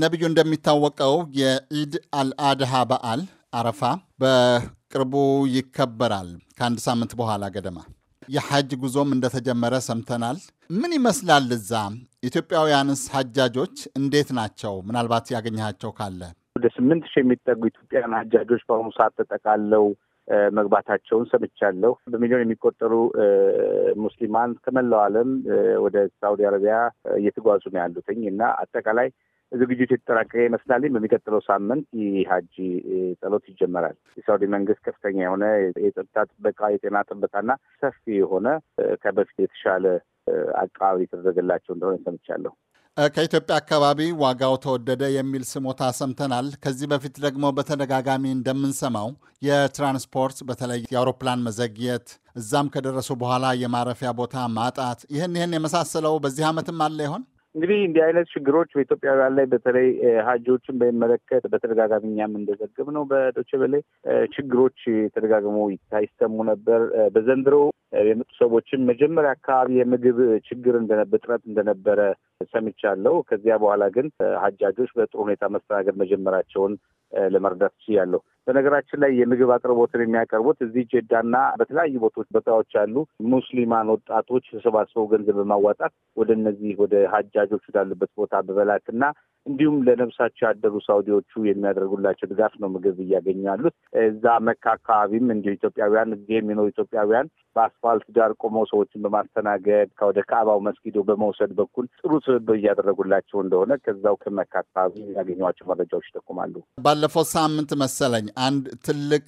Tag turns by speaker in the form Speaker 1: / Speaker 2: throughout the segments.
Speaker 1: ነቢዩ እንደሚታወቀው የኢድ አልአድሃ በዓል አረፋ በቅርቡ ይከበራል። ከአንድ ሳምንት በኋላ ገደማ የሐጅ ጉዞም እንደተጀመረ ሰምተናል። ምን ይመስላል እዛ? ኢትዮጵያውያንስ ሐጃጆች እንዴት ናቸው? ምናልባት ያገኘሃቸው ካለ
Speaker 2: ወደ ስምንት ሺህ የሚጠጉ ኢትዮጵያውያን ሐጃጆች በአሁኑ ሰዓት ተጠቃለው መግባታቸውን ሰምቻለሁ። በሚሊዮን የሚቆጠሩ ሙስሊማን ከመላው ዓለም ወደ ሳውዲ አረቢያ እየተጓዙ ነው ያሉትኝ እና አጠቃላይ ዝግጅቱ የተጠናቀቀ ይመስላል። በሚቀጥለው ሳምንት የሀጂ ጸሎት ይጀመራል። የሳውዲ መንግስት ከፍተኛ የሆነ የጸጥታ ጥበቃ፣ የጤና ጥበቃና ሰፊ የሆነ ከበፊት የተሻለ አቀባበል የተደረገላቸው እንደሆነ ሰምቻለሁ።
Speaker 1: ከኢትዮጵያ አካባቢ ዋጋው ተወደደ የሚል ስሞታ ሰምተናል። ከዚህ በፊት ደግሞ በተደጋጋሚ እንደምንሰማው የትራንስፖርት በተለይ የአውሮፕላን መዘግየት፣ እዛም ከደረሱ በኋላ የማረፊያ ቦታ ማጣት፣ ይህን ይህን የመሳሰለው በዚህ ዓመትም አለ ይሆን?
Speaker 2: እንግዲህ እንዲህ አይነት ችግሮች በኢትዮጵያውያን ላይ በተለይ ሀጂዎችን በሚመለከት በተደጋጋሚ እኛም እንደዘገብ ነው በዶቼ ቬለ ችግሮች ተደጋግሞ ይሰሙ ነበር። በዘንድሮ የመጡ ሰዎችን መጀመሪያ አካባቢ የምግብ ችግር እንደነበረ እጥረት እንደነበረ ሰምቻለሁ። ከዚያ በኋላ ግን ሀጃጆች በጥሩ ሁኔታ መስተናገድ መጀመራቸውን ለመርዳት ችያለሁ። በነገራችን ላይ የምግብ አቅርቦትን የሚያቀርቡት እዚህ ጄዳና በተለያዩ ቦታዎች ቦታዎች አሉ። ሙስሊማን ወጣቶች ተሰባስበው ገንዘብ በማዋጣት ወደ እነዚህ ወደ ሀጃጆች ወዳሉበት ቦታ በመላክና እንዲሁም ለነብሳቸው ያደሩ ሳውዲዎቹ የሚያደርጉላቸው ድጋፍ ነው ምግብ እያገኙ ያሉት። እዛ መካ አካባቢም እንዲሁ ኢትዮጵያውያን እዚህ የሚኖሩ ኢትዮጵያውያን በአስፋልት ዳር ቆመው ሰዎችን በማስተናገድ ከወደ ከአባው መስጊዶ በመውሰድ በኩል ጥሩ ትብብር እያደረጉላቸው እንደሆነ ከዛው ከመካ አካባቢ ያገኟቸው መረጃዎች ይጠቁማሉ።
Speaker 1: ባለፈው ሳምንት መሰለኝ አንድ ትልቅ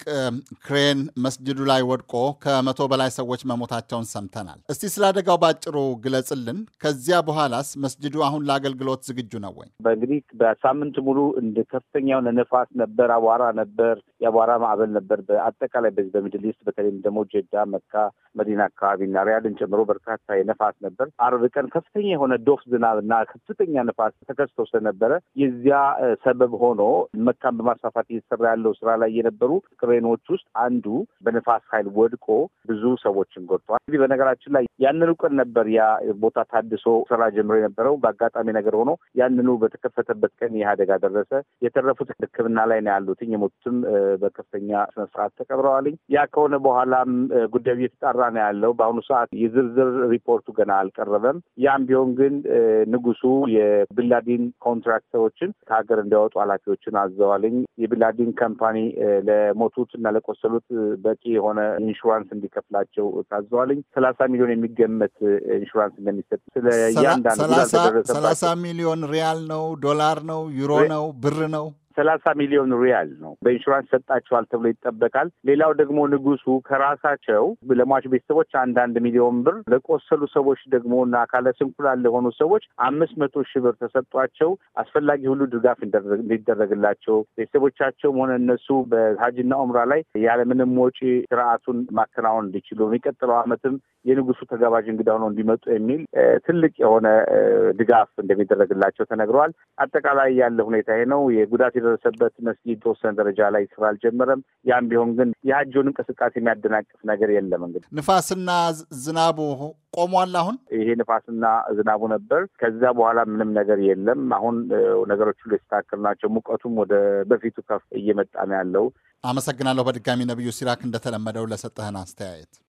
Speaker 1: ክሬን መስጅዱ ላይ ወድቆ ከመቶ በላይ ሰዎች መሞታቸውን ሰምተናል። እስቲ ስለ አደጋው ባጭሩ ግለጽልን። ከዚያ በኋላስ መስጅዱ አሁን ለአገልግሎት ዝግጁ ነው ወይ?
Speaker 2: እንግዲህ በሳምንት ሙሉ እንደ ከፍተኛ የሆነ ነፋስ ነበር፣ አቧራ ነበር፣ የአቧራ ማዕበል ነበር። በአጠቃላይ በዚህ በሚድል ኢስት በተለይም ደግሞ ጀዳ፣ መካ፣ መዲና አካባቢ አካባቢና ሪያድን ጨምሮ በርካታ የነፋስ ነበር። አርብ ቀን ከፍተኛ የሆነ ዶፍ ዝናብ እና ከፍተኛ ነፋስ ተከስቶ ስለነበረ የዚያ ሰበብ ሆኖ መካን በማስፋፋት እየተሰራ ያለው ስራ ላይ የነበሩ ክሬኖች ውስጥ አንዱ በነፋስ ኃይል ወድቆ ብዙ ሰዎችን ጎድቷል። እዚህ በነገራችን ላይ ያንኑ ቀን ነበር ያ ቦታ ታድሶ ስራ ጀምሮ የነበረው። በአጋጣሚ ነገር ሆኖ ያንኑ በተከፍ በተከሰተበት ቀን ይህ አደጋ ደረሰ። የተረፉት ሕክምና ላይ ነው ያሉትኝ። የሞቱትም በከፍተኛ ስነስርዓት ተቀብረዋልኝ። ያ ከሆነ በኋላም ጉዳዩ እየተጣራ ነው ያለው። በአሁኑ ሰዓት የዝርዝር ሪፖርቱ ገና አልቀረበም። ያም ቢሆን ግን ንጉሱ የቢንላዲን ኮንትራክተሮችን ከሀገር እንዲያወጡ ኃላፊዎችን አዘዋልኝ። የቢንላዲን ካምፓኒ ለሞቱት እና ለቆሰሉት በቂ የሆነ ኢንሹራንስ እንዲከፍላቸው ታዘዋልኝ። ሰላሳ ሚሊዮን የሚገመት ኢንሹራንስ እንደሚሰጥ ስለ እያንዳንዱ ሰላሳ
Speaker 1: ሚሊዮን ሪያል ነው ዶላር ነው፣ ዩሮ ነው፣ ብር ነው?
Speaker 2: ሰላሳ ሚሊዮን ሪያል ነው በኢንሹራንስ ሰጣቸዋል ተብሎ ይጠበቃል። ሌላው ደግሞ ንጉሱ ከራሳቸው ለሟች ቤተሰቦች አንዳንድ ሚሊዮን ብር፣ ለቆሰሉ ሰዎች ደግሞ እና አካለ ስንኩላን ለሆኑ ሰዎች አምስት መቶ ሺህ ብር ተሰጧቸው አስፈላጊ ሁሉ ድጋፍ እንዲደረግላቸው ቤተሰቦቻቸውም ሆነ እነሱ በሀጅና ኦምራ ላይ ያለምንም ወጪ ስርዓቱን ማከናወን እንዲችሉ የሚቀጥለው ዓመትም የንጉሱ ተጋባዥ እንግዳ ሆነው እንዲመጡ የሚል ትልቅ የሆነ ድጋፍ እንደሚደረግላቸው ተነግረዋል። አጠቃላይ ያለ ሁኔታ ይሄ ነው የጉዳት የደረሰበት መስጊድ ተወሰነ ደረጃ ላይ ስራ አልጀመረም። ያም ቢሆን ግን የሀጁን እንቅስቃሴ የሚያደናቅፍ ነገር የለም። እንግዲህ
Speaker 1: ንፋስና ዝናቡ ቆሟል።
Speaker 2: አሁን ይሄ ንፋስና ዝናቡ ነበር። ከዛ በኋላ ምንም ነገር የለም። አሁን ነገሮች ሁሉ የተስተካከሉ ናቸው። ሙቀቱም ወደ በፊቱ ከፍ እየመጣ ነው ያለው።
Speaker 1: አመሰግናለሁ። በድጋሚ ነቢዩ ሲራክ እንደተለመደው ለሰጠህን አስተያየት